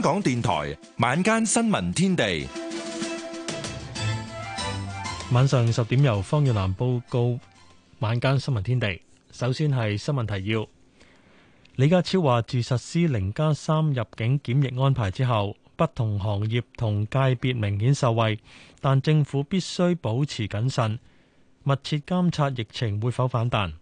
香港電台晚間新聞天地，晚上十點由方月蘭報告晚間新聞天地。首先係新聞提要。李家超話，自實施零加三入境檢疫安排之後，不同行業同界別明顯受惠，但政府必須保持謹慎，密切監察疫情會否反彈。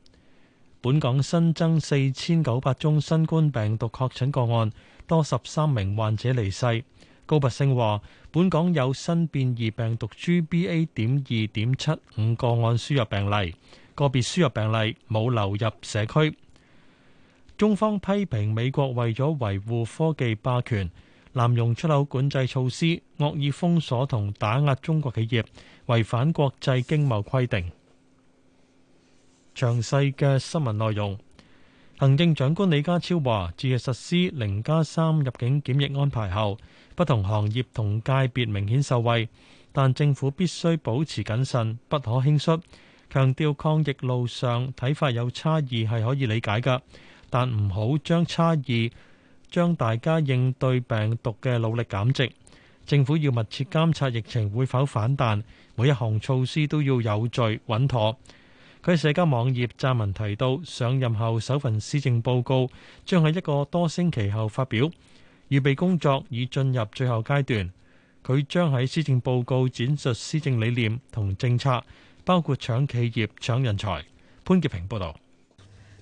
本港新增四千九百宗新冠病毒確診個案。多十三名患者離世。高拔陞話，本港有新變異病毒 G B A 點二點七五個案輸入病例，個別輸入病例冇流入社區。中方批評美國為咗維護科技霸權，濫用出口管制措施，惡意封鎖同打壓中國企業，違反國際經貿規定。詳細嘅新聞內容。行政長官李家超話，自嘅實施零加三入境檢疫安排後，不同行業同界別明顯受惠，但政府必須保持謹慎，不可輕率。強調抗疫路上睇法有差異係可以理解嘅，但唔好將差異將大家應對病毒嘅努力減值。政府要密切監察疫情會否反彈，每一項措施都要有序、穩妥。佢喺社交網頁撰文提到，上任後首份施政報告將喺一個多星期後發表，預備工作已進入最後階段。佢將喺施政報告展述施政理念同政策，包括搶企業、搶人才。潘潔平報道。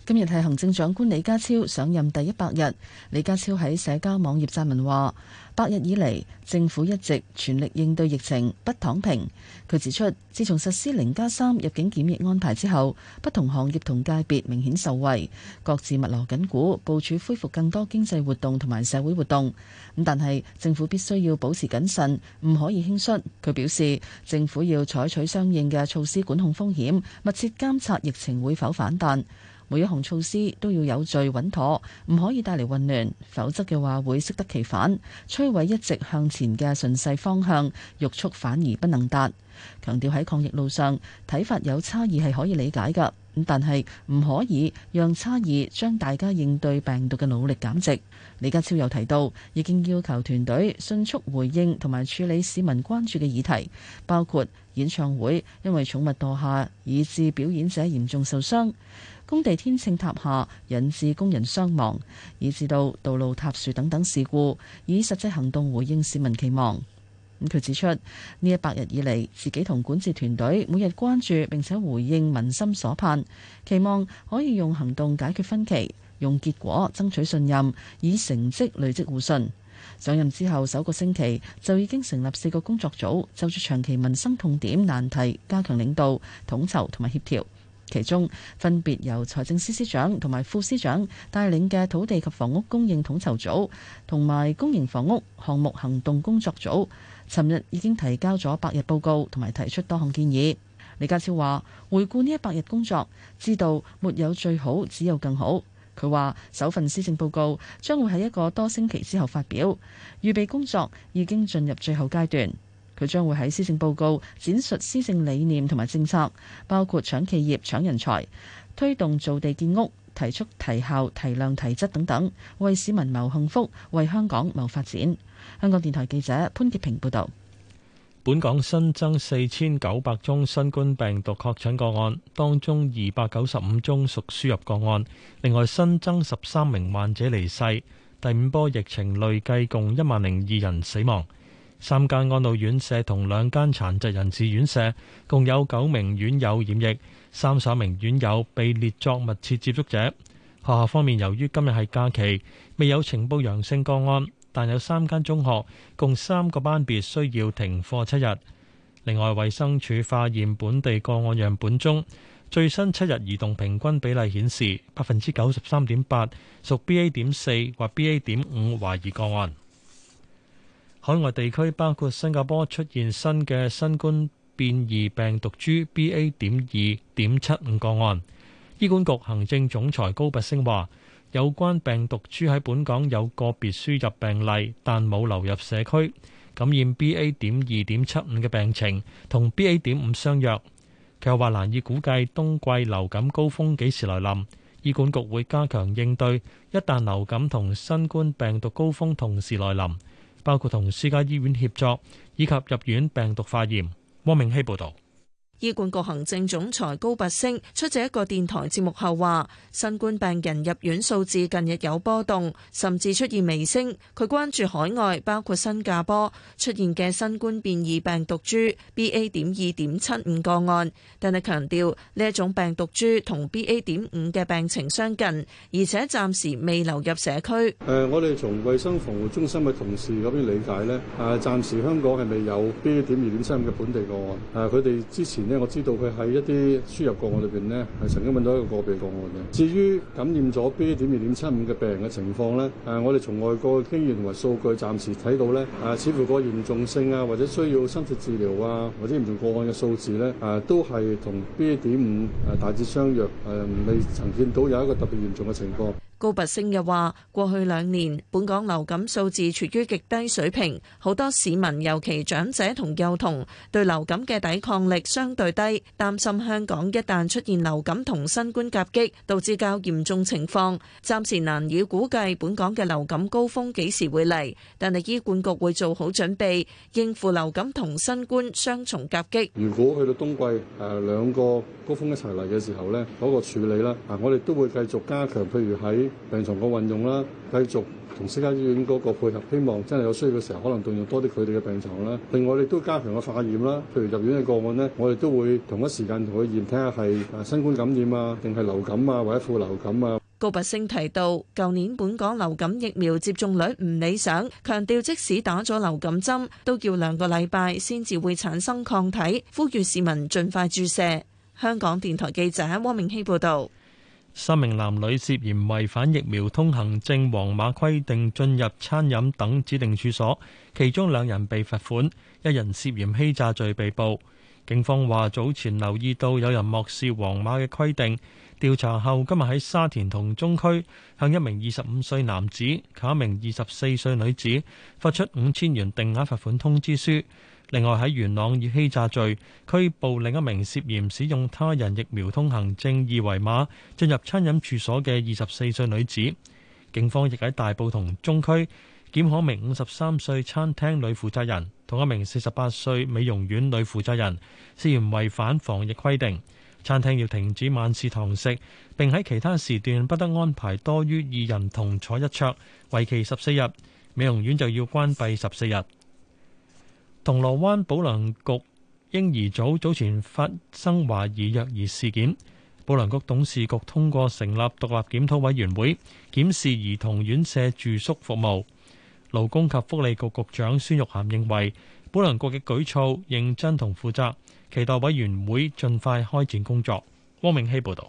今日係行政長官李家超上任第一百日。李家超喺社交網頁撰文話：百日以嚟，政府一直全力應對疫情，不躺平。佢指出，自從實施零加三入境檢疫安排之後，不同行業同界別明顯受惠，各自密鑼緊鼓，部署恢復更多經濟活動同埋社會活動。咁但係政府必須要保持謹慎，唔可以輕率。佢表示，政府要採取相應嘅措施管控風險，密切監察疫情會否反彈。每一項措施都要有序穩妥，唔可以帶嚟混亂，否則嘅話會適得其反，摧毀一直向前嘅順勢方向，欲速反而不能達。強調喺抗疫路上，睇法有差異係可以理解噶，但係唔可以讓差異將大家應對病毒嘅努力減值。李家超又提到，已經要求團隊迅速回應同埋處理市民關注嘅議題，包括演唱會因為寵物墮下，以致表演者嚴重受傷。工地天秤塌下，引致工人傷亡，以至到道路塌樹等等事故，以實際行動回應市民期望。咁佢指出，呢一百日以嚟，自己同管治團隊每日關注並且回應民心所盼，期望可以用行動解決分歧，用結果爭取信任，以成績累積互信。上任之後首個星期就已經成立四個工作組，就住長期民生痛點難題，加強領導統籌同埋協調。其中分別由財政司司長同埋副司長帶領嘅土地及房屋供應統籌組同埋公營房屋項目行動工作組，尋日已經提交咗百日報告同埋提出多項建議。李家超話，回顧呢一百日工作，知道沒有最好，只有更好。佢話首份施政報告將會喺一個多星期之後發表，預備工作已經進入最後階段。佢將會喺施政報告展述施政理念同埋政策，包括搶企業、搶人才，推動造地建屋，提速提效提量提質等等，為市民謀幸福，為香港謀發展。香港電台記者潘潔平報導。本港新增四千九百宗新冠病毒確診個案，當中二百九十五宗屬輸入個案。另外新增十三名患者離世。第五波疫情累計共一萬零二人死亡。三間安老院舍同兩間殘疾人士院舍共有九名院友染疫，三十名院友被列作密切接觸者。學校方面，由於今日係假期，未有呈報陽性個案，但有三間中學共三個班別需要停課七日。另外，衛生署化驗本地個案樣本中，最新七日移動平均比例顯示百分之九十三點八屬 BA 點四或 BA 點五懷疑個案。海外地區包括新加坡出現新嘅新冠變異病毒株 B A. 點二點七五個案。醫管局行政總裁高拔昇話：有關病毒株喺本港有個別輸入病例，但冇流入社區。感染 B A. 點二點七五嘅病情，同 B A. 點五相若。佢又話難以估計冬季流感高峯幾時來臨，醫管局會加強應對，一旦流感同新冠病毒高峯同時來臨。包括同私家醫院協作，以及入院病毒化驗。汪明希報導。醫管局行政總裁高拔升出席一個電台節目後話，新冠病人入院數字近日有波動，甚至出現微升。佢關注海外包括新加坡出現嘅新冠變異病毒株 B A. 點二點七五個案，但係強調呢一種病毒株同 B A. 點五嘅病情相近，而且暫時未流入社區。誒，我哋從衛生防護中心嘅同事嗰邊理解咧，誒，暫時香港係未有 B A. 點二點三嘅本地個案。誒，佢哋之前。咧我知道佢喺一啲輸入個案裏邊咧，係曾經問到一個個別個案嘅。至於感染咗 B. 點二點七五嘅病人嘅情況咧，誒，我哋從外國嘅經驗同埋數據暫時睇到咧，誒、呃，似乎個嚴重性啊，或者需要深切治療啊，或者嚴重個案嘅數字咧，誒、呃，都係同 B. 點五誒大致相若，誒、呃，未曾見到有一個特別嚴重嘅情況。高拔升又話：過去兩年，本港流感數字處於極低水平，好多市民，尤其長者同幼童，對流感嘅抵抗力相對低，擔心香港一旦出現流感同新冠夾擊，導致較嚴重情況。暫時難以估計本港嘅流感高峰幾時會嚟，但係醫管局會做好準備應付流感同新冠雙重夾擊。如果去到冬季誒兩個高峰一齊嚟嘅時候咧，嗰個處理啦，啊我哋都會繼續加強，譬如喺病床個運用啦，繼續同私家醫院嗰個配合，希望真係有需要嘅時候，可能動用多啲佢哋嘅病床啦。另外，我哋都加強個化驗啦，譬如入院嘅個案呢，我哋都會同一時間同佢驗，睇下係新冠感染啊，定係流感啊，或者副流感啊。高拔昇提到，舊年本港流感疫苗接種率唔理想，強調即使打咗流感針，都要兩個禮拜先至會產生抗體，呼籲市民盡快注射。香港電台記者汪明希報道。三名男女涉嫌違反疫苗通行證黃碼規定進入餐飲等指定處所，其中兩人被罰款，一人涉嫌欺詐罪被捕。警方話，早前留意到有人漠視黃碼嘅規定，調查後今日喺沙田同中區向一名二十五歲男子及一名二十四歲女子發出五千元定額罰款通知書。另外喺元朗以欺詐罪拘捕另一名涉嫌使用他人疫苗通行證二維碼進入餐飲處所嘅二十四歲女子，警方亦喺大埔同中區檢可控一名五十三歲餐廳女負責人同一名四十八歲美容院女負責人涉嫌違反防疫規定。餐廳要停止晚市堂食，並喺其他時段不得安排多於二人同坐一桌，為期十四日。美容院就要關閉十四日。銅鑼灣保良局嬰兒組早前發生懷疑虐兒事件，保良局董事局通過成立獨立檢討委員會，檢視兒童院舍住宿服務。勞工及福利局局長孫玉菡認為，保良局嘅舉措認真同負責，期待委員會盡快開展工作。汪明熙報導。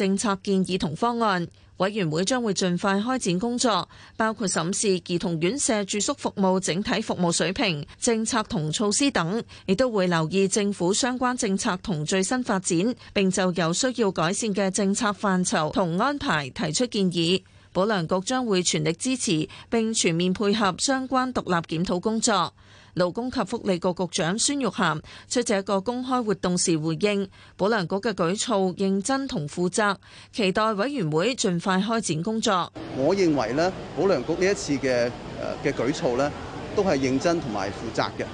政策建議同方案，委員會將會盡快開展工作，包括審視兒童院舍住宿服務整體服務水平、政策同措施等，亦都會留意政府相關政策同最新發展，並就有需要改善嘅政策範疇同安排提出建議。保良局將會全力支持並全面配合相關獨立檢討工作。勞工及福利局局長孫玉菡出席一個公開活動時回應，保良局嘅舉措認真同負責，期待委員會盡快開展工作。我認為呢，保良局呢一次嘅誒嘅舉措咧，都係認真同埋負責嘅。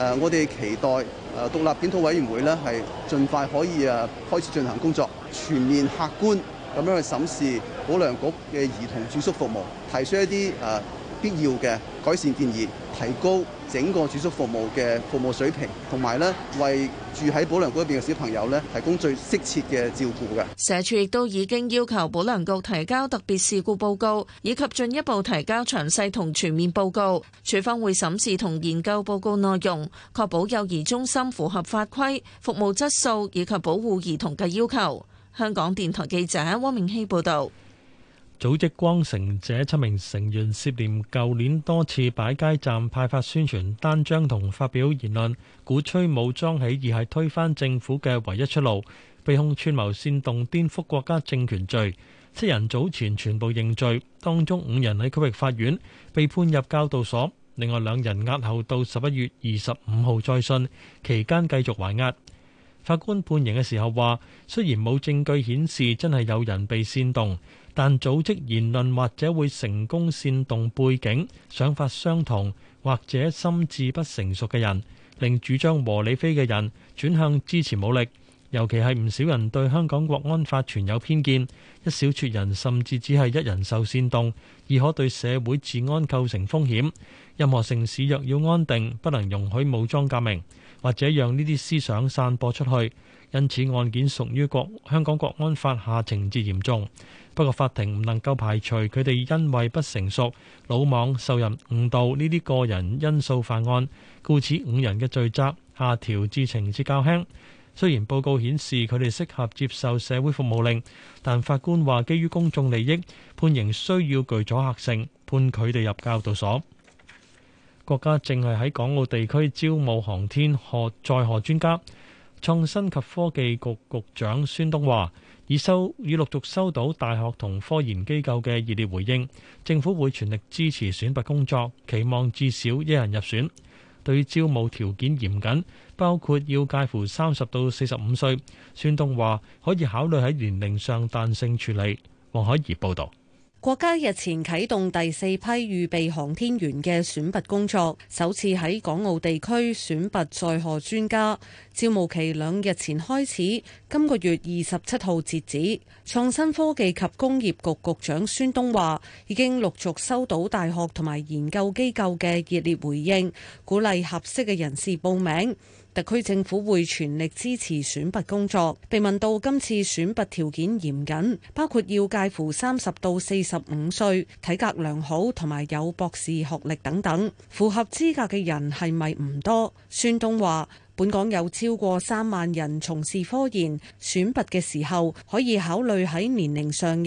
誒，我哋期待誒獨立檢討委員會咧係盡快可以誒開始進行工作，全面客觀咁樣去審視保良局嘅兒童住宿服務，提出一啲誒必要嘅改善建議，提高。整個住宿服務嘅服務水平，同埋呢為住喺保良局一邊嘅小朋友呢提供最適切嘅照顧嘅。社署亦都已經要求保良局提交特別事故報告，以及進一步提交詳細同全面報告。處方會審視同研究報告內容，確保幼兒中心符合法規、服務質素以及保護兒童嘅要求。香港電台記者汪明熙報導。組織光城者七名成員涉嫌舊年多次擺街站派發宣傳單張同發表言論，鼓吹武裝起義係推翻政府嘅唯一出路，被控串謀煽動顛覆國家政權罪。七人早前全部認罪，當中五人喺區域法院被判入教導所，另外兩人押後到十一月二十五號再訊，期間繼續還押。法官判刑嘅時候話：雖然冇證據顯示真係有人被煽動。但組織言論或者會成功煽動背景想法相同或者心智不成熟嘅人，令主張和理非嘅人轉向支持武力。尤其係唔少人對香港國安法存有偏見，一小撮人甚至只係一人受煽動，而可對社會治安構成風險。任何城市若要安定，不能容許武裝革命或者讓呢啲思想散播出去。因此案件屬於國香港國安法下情節嚴重，不過法庭唔能夠排除佢哋因為不成熟、魯莽、受人誤導呢啲個人因素犯案，故此五人嘅罪責下調至情節較輕，雖然報告顯示佢哋適合接受社會服務令，但法官話基於公眾利益，判刑需要具阻嚇性，判佢哋入教導所。國家正係喺港澳地區招募航天學載荷專家。創新及科技局局長孫東話：已收已陸續收到大學同科研機構嘅熱烈回應，政府會全力支持選拔工作，期望至少一人入選。對招募條件嚴謹，包括要介乎三十到四十五歲。孫東話可以考慮喺年齡上彈性處理。黃海怡報導。國家日前啟動第四批預備航天員嘅選拔工作，首次喺港澳地區選拔載荷專家。招募期兩日前開始，今個月二十七號截止。創新科技及工業局局，局長孫東話，已經陸續收到大學同埋研究機構嘅熱烈回應，鼓勵合適嘅人士報名。特區政府會全力支持選拔工作。被問到今次選拔條件嚴謹，包括要介乎三十到四十五歲、體格良好同埋有博士學歷等等，符合資格嘅人係咪唔多？孫東話：本港有超過三萬人從事科研，選拔嘅時候可以考慮喺年齡上。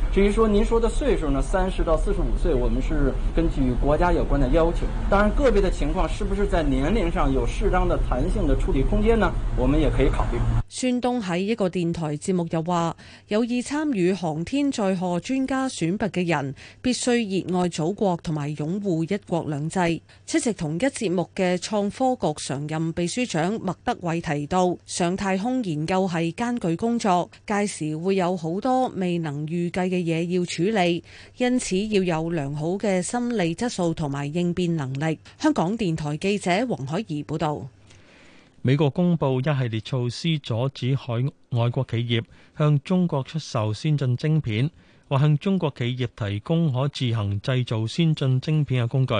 至於說您說的歲數呢，三十到四十五歲，我們是根據國家有關的要求，當然個別的情況是不是在年齡上有適當的彈性的處理空間呢？我們也可以考慮。孫東喺一個電台節目又話，有意參與航天載荷專家選拔嘅人，必須熱愛祖國同埋擁護一國兩制。出席同一節目嘅創科局常任秘書長麥德偉提到，上太空研究係艱巨工作，屆時會有好多未能預計嘅。嘢要處理，因此要有良好嘅心理質素同埋應變能力。香港電台記者黃海怡報導，美國公布一系列措施，阻止海外國企業向中國出售先進晶片，或向中國企業提供可自行製造先進晶片嘅工具。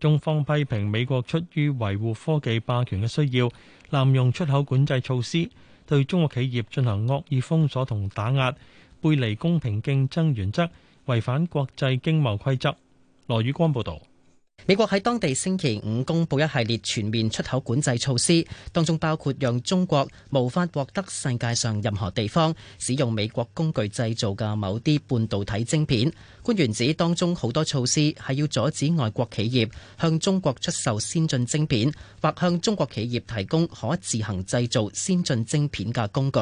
中方批評美國出於維護科技霸權嘅需要，濫用出口管制措施，對中國企業進行惡意封鎖同打壓。背離公平競爭原則，違反國際經貿規則。羅宇光報導。美國喺當地星期五公布一系列全面出口管制措施，當中包括讓中國無法獲得世界上任何地方使用美國工具製造嘅某啲半導體晶片。官員指，當中好多措施係要阻止外國企業向中國出售先進晶片，或向中國企業提供可自行製造先進晶片嘅工具。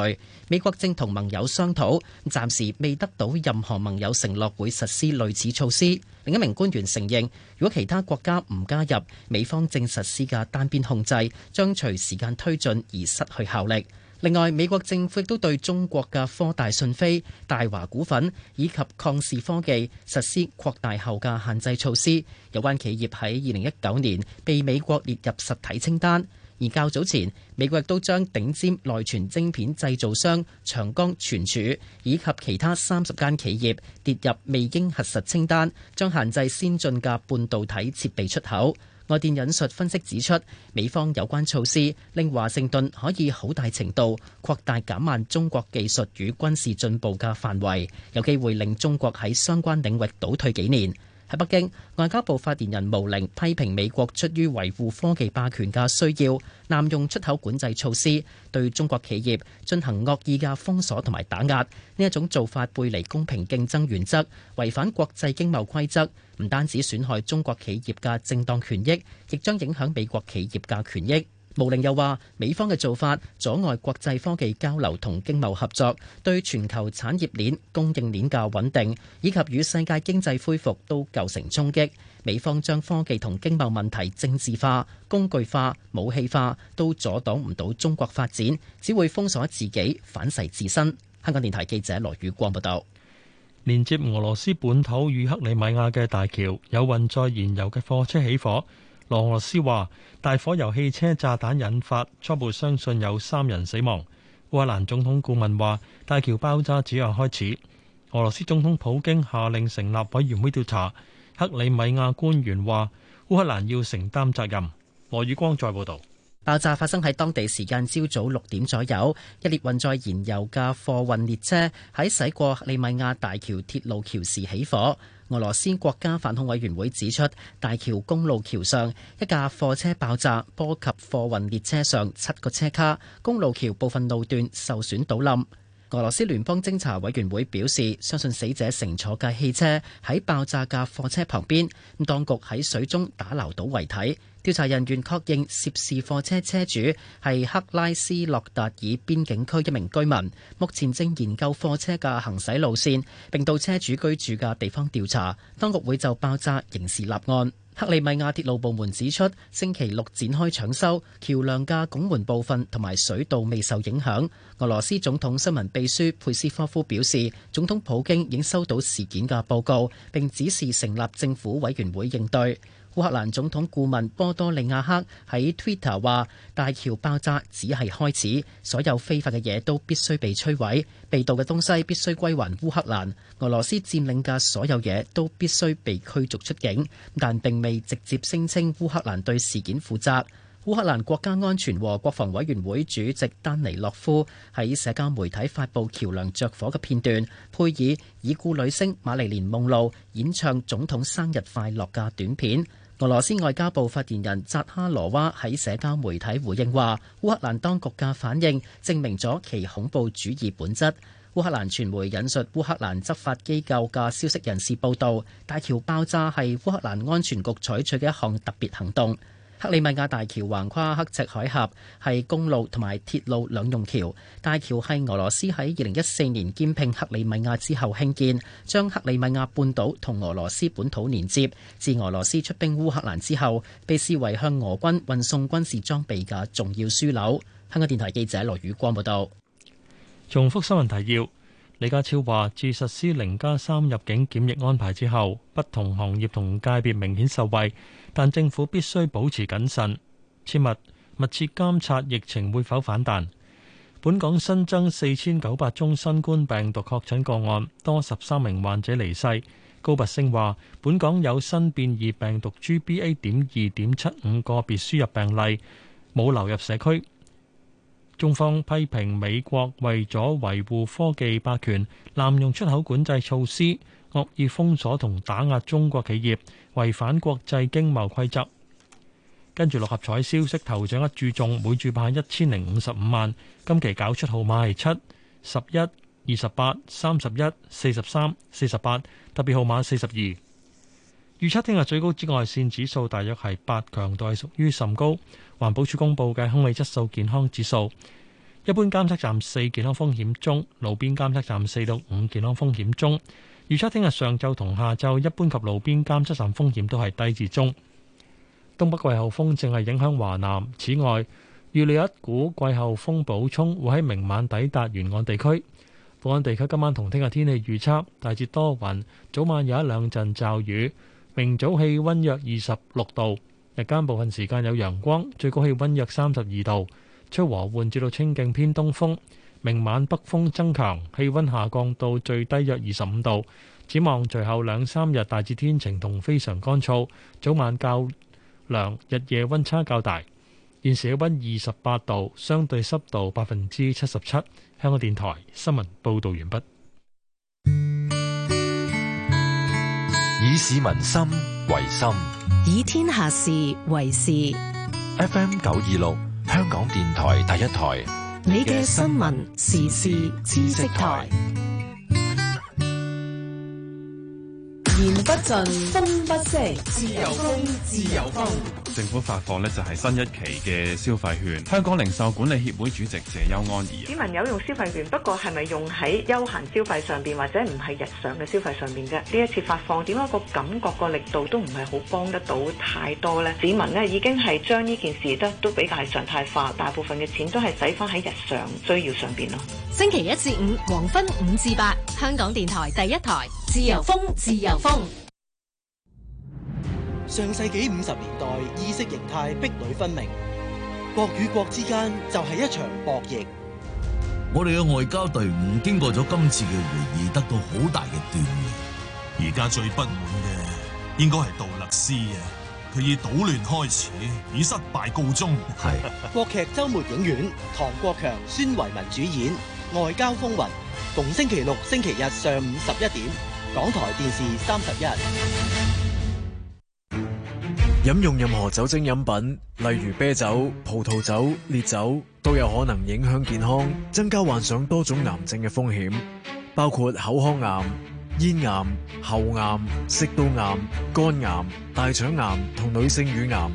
美國正同盟友商討，暫時未得到任何盟友承諾會實施類似措施。另一名官員承認。如果其他國家唔加入，美方正實施嘅單邊控制將隨時間推進而失去效力。另外，美國政府亦都對中國嘅科大訊飛、大華股份以及曠視科技實施擴大後嘅限制措施。有關企業喺二零一九年被美國列入實體清單。而較早前，美國亦都將頂尖內存晶片製造商長江存儲以及其他三十間企業列入未經核實清單，將限制先進嘅半導體設備出口。外電引述分析指出，美方有關措施令華盛頓可以好大程度擴大減慢中國技術與軍事進步嘅範圍，有機會令中國喺相關領域倒退幾年。喺北京，外交部發言人毛寧批評美國出於維護科技霸權嘅需要，濫用出口管制措施，對中國企業進行惡意嘅封鎖同埋打壓，呢一種做法背離公平競爭原則，違反國際經貿規則，唔單止損害中國企業嘅正當權益，亦將影響美國企業嘅權益。毛寧又話：美方嘅做法阻礙國際科技交流同經貿合作，對全球產業鏈、供應鏈嘅穩定以及與世界經濟恢復都構成衝擊。美方將科技同經貿問題政治化、工具化、武器化，都阻擋唔到中國發展，只會封鎖自己，反噬自身。香港電台記者羅宇光報道：連接俄羅斯本土與克里米亞嘅大橋有運載燃油嘅貨車起火。羅俄羅斯話大火由汽車炸彈引發，初步相信有三人死亡。烏克蘭總統顧問話大橋爆炸只有開始。俄羅斯總統普京下令成立委員會調查。克里米亞官員話烏克蘭要承擔責任。羅宇光再報道：爆炸發生喺當地時間朝早六點左右，一列運載燃油嘅貨運列車喺駛過克里米亞大橋鐵路橋時起火。俄羅斯國家反恐委員會指出，大橋公路橋上一架貨車爆炸，波及貨運列車上七個車卡，公路橋部分路段受損倒冧。俄羅斯聯邦偵查委員會表示，相信死者乘坐嘅汽車喺爆炸架貨車旁邊，當局喺水中打撈到遺體。調查人員確認涉事貨車車主係克拉斯洛達爾邊境區一名居民，目前正研究貨車嘅行駛路線，並到車主居住嘅地方調查。當局會就爆炸刑事立案。克里米亞鐵路部門指出，星期六展開搶修，橋梁嘅拱門部分同埋水道未受影響。俄羅斯總統新聞秘書佩斯科夫表示，總統普京已經收到事件嘅報告，並指示成立政府委員會應對。烏克蘭總統顧問波多利亞克喺 Twitter 話：大橋爆炸只係開始，所有非法嘅嘢都必須被摧毀，被盜嘅東西必須歸還烏克蘭。俄羅斯佔領嘅所有嘢都必須被驅逐出境，但並未直接聲稱烏克蘭對事件負責。烏克蘭國家安全和國防委員會主席丹尼洛夫喺社交媒體發佈橋樑着火嘅片段，配以已故女星瑪麗蓮夢露演唱總統生日快樂嘅短片。俄羅斯外交部發言人扎哈羅娃喺社交媒體回應話：烏克蘭當局嘅反應證明咗其恐怖主義本質。烏克蘭傳媒引述烏克蘭執法機構嘅消息人士報導，大橋爆炸係烏克蘭安全局採取嘅一項特別行動。克里米亞大橋橫跨刻赤海峽，係公路同埋鐵路兩用橋。大橋係俄羅斯喺二零一四年兼併克里米亞之後興建，將克里米亞半島同俄羅斯本土連接。自俄羅斯出兵烏克蘭之後，被視為向俄軍運送軍事裝備嘅重要樞紐。香港電台記者羅宇光報道。重複新聞提要：李家超話，自實施零加三入境檢疫安排之後，不同行業同界別明顯受惠。但政府必須保持謹慎，切勿密，密切監察疫情會否反彈。本港新增四千九百宗新冠病毒確診個案，多十三名患者離世。高拔昇話：本港有新變異病毒 GBA. 點二點七五個別輸入病例，冇流入社區。中方批評美國為咗維護科技霸權，濫用出口管制措施。惡意封鎖同打壓中國企業，違反國際經貿規則。跟住六合彩消息，頭獎一注中，每注派一千零五十五萬。今期搞出號碼係七、十一、二十八、三十一、四十三、四十八，特別號碼四十二。預測聽日最高紫外線指數大約係八，強度係屬於甚高。環保署公布嘅空氣質素健康指數，一般監測站四健康風險中，路邊監測站四到五健康風險中。預測聽日上晝同下晝一般及路邊監測站風險都係低至中，東北季候風正係影響華南。此外，預料一股季候風補充會喺明晚抵達沿岸地區。本港地區今晚同聽日天氣預測大致多雲，早晚有一兩陣驟雨。明早氣温約二十六度，日間部分時間有陽光，最高氣温約三十二度，吹和緩至到清勁偏東風。明晚北風增強，氣温下降到最低約二十五度。展望隨後兩三日大致天晴同非常乾燥，早晚較涼，日夜温差較大。現時温二十八度，相對濕度百分之七十七。香港電台新聞報道完畢。以市民心為心，以天下事為事。FM 九二六，香港電台第一台。你嘅新聞時事知識台。言不盡，風不息，自由風，自由風。政府發放咧，就係新一期嘅消費券。香港零售管理協會主席謝邱安怡。市民有用消費券，不過係咪用喺休閒消費上邊，或者唔係日常嘅消費上邊啫？呢一次發放點解個感覺個力度都唔係好幫得到太多呢？市民咧，已經係將呢件事得都比較係常態化，大部分嘅錢都係使翻喺日常需要上邊咯。星期一至五黃昏五至八，香港電台第一台，自由風，自由風。上世紀五十年代，意識形態壁壘分明，國與國之間就係一場博弈。我哋嘅外交隊伍經過咗今次嘅會議，得到好大嘅鍛煉。而家最不滿嘅應該係杜勒斯啊！佢以搗亂開始，以失敗告終。係。 國劇周末影院，唐國強、孫維民主演《外交風雲》，逢星期六、星期日上午十一點。港台電視三十一。飲用任何酒精飲品，例如啤酒、葡萄酒、烈酒，都有可能影響健康，增加患上多種癌症嘅風險，包括口腔癌、咽癌、喉癌、食道癌、肝癌、大腸癌同女性乳癌。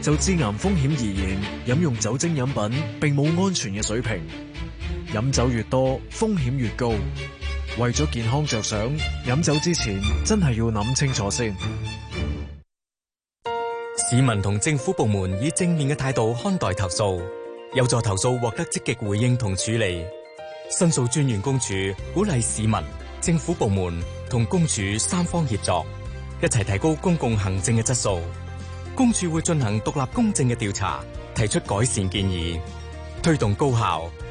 就致癌風險而言，飲用酒精飲品並冇安全嘅水平，飲酒越多，風險越高。為咗健康着想，飲酒之前真係要諗清楚先。市民同政府部門以正面嘅態度看待投訴，有助投訴獲得積極回應同處理。申訴專員公署鼓勵市民、政府部門同公署三方協作，一齊提高公共行政嘅質素。公署會進行獨立公正嘅調查，提出改善建議，推動高效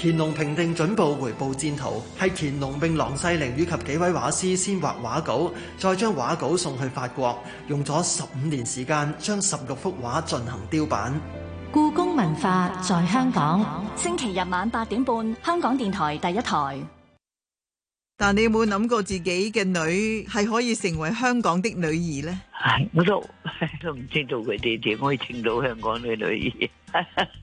乾隆平定準部回部戰圖，係乾隆並郎世寧以及幾位畫師先畫畫稿，再將畫稿送去法國，用咗十五年時間將十六幅畫進行雕版。故宮文化在香港，星期日晚八點半，香港電台第一台。但你有冇諗過自己嘅女係可以成為香港的女兒呢？我都都唔知道佢哋點，可以聽到香港嘅女兒，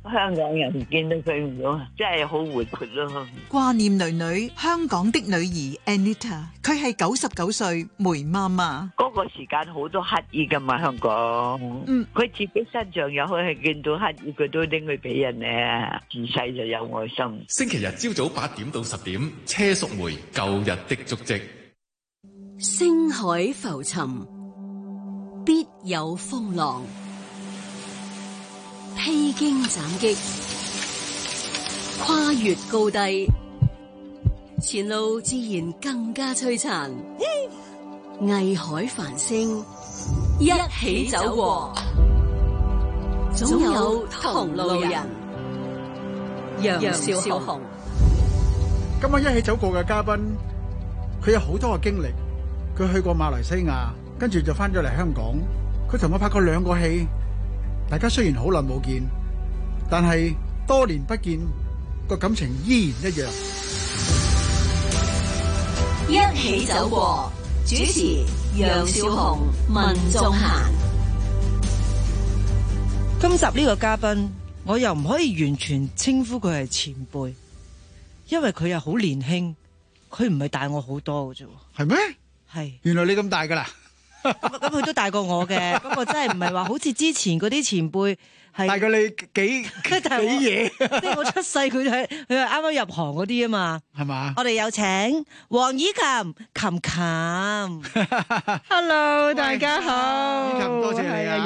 香港人見到佢唔到，真係好活潑咯。掛念囡囡，香港的女兒 Anita，佢係九十九歲梅媽媽。嗰個時間好多乞兒噶嘛，香港。嗯，佢自己身上有，可以見到乞兒，佢都拎去俾人咧。自細就有愛心。星期日朝早八點到十點，車淑梅舊日的足跡，星海浮沉。有風浪，披荊斬棘，跨越高低，前路自然更加璀璨。藝 海繁星，一起走過，總有同路人。楊少紅，今晚一起走過嘅嘉賓，佢有好多嘅經歷，佢去過馬來西亞，跟住就翻咗嚟香港。佢同我拍過兩個戲，大家雖然好耐冇見，但係多年不見個感情依然一樣。一起走過，主持楊小紅、小紅文仲賢。今集呢個嘉賓，我又唔可以完全稱呼佢係前輩，因為佢又好年輕，佢唔係大我好多嘅啫。係咩？係，原來你咁大噶啦。咁 佢都大過我嘅，咁，不過真係唔係話好似之前嗰啲前輩係大過你幾幾嘢，即 是我， 我出世佢佢係啱啱入行嗰啲啊嘛，係嘛？我哋有請黃以琴琴琴 ，Hello 大家好，以琴多謝你啊。